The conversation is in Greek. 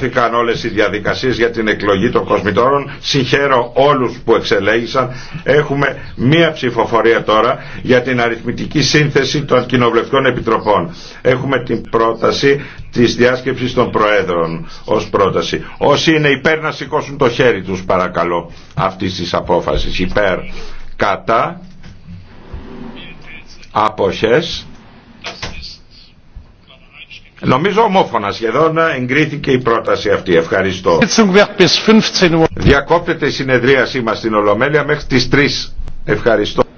ολοκληρώθηκαν όλες οι διαδικασίες για την εκλογή των κοσμητόρων. Συγχαίρω όλους που εξελέγησαν. Έχουμε μία ψηφοφορία τώρα για την αριθμητική σύνθεση των κοινοβουλευτικών επιτροπών. Έχουμε την πρόταση της διάσκεψης των Προέδρων ως πρόταση. Όσοι είναι υπέρ να σηκώσουν το χέρι τους παρακαλώ αυτής της απόφασης. Υπέρ κατά αποχές Νομίζω ομόφωνα σχεδόν εγκρίθηκε η πρόταση αυτή. Ευχαριστώ. Διακόπτεται η συνεδρίασή μας στην Ολομέλεια μέχρι τις 3. Ευχαριστώ.